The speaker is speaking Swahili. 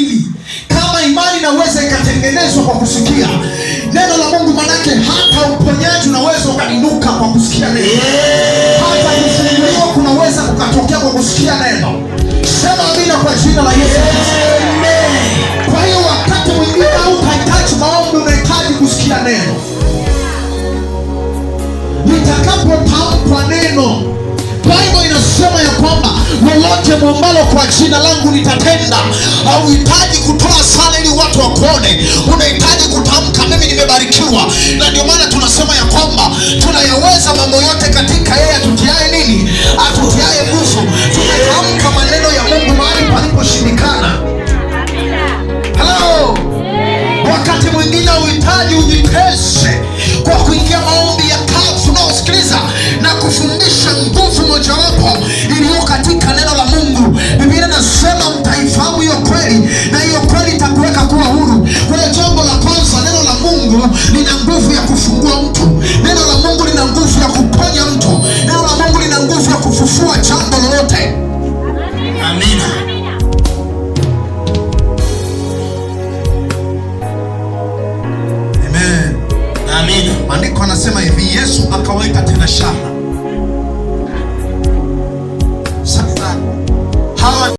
kuamini. Kama imani inaweza ikatengenezwa kwa kusikia neno la Mungu, manake hata uponyaji unaweza ukainuka kwa kusikia neno, hata kufunguliwa kunaweza kukatokea kwa kusikia neno. Sema amina kwa jina la Yesu. Kwa hiyo wakati mwingine au ukahitaji maombi, unahitaji kusikia neno litakapotamkwa neno jambo ambalo kwa jina langu nitatenda. Hauhitaji kutoa sala ili watu wakuone, unahitaji kutamka mimi nimebarikiwa. Na ndio maana tunasema ya kwamba tunayaweza mambo yote katika yeye atutiae nini, atutiae nguvu. Tunatamka maneno ya Mungu mahali paliposhindikana. Hello, wakati mwingine hauhitaji ujitesi kufungua mtu. Neno la Mungu lina nguvu ya kuponya mtu. Neno la Mungu lina nguvu ya kufufua jambo lolote. Amina. Amen. Amen. Maandiko anasema hivi Yesu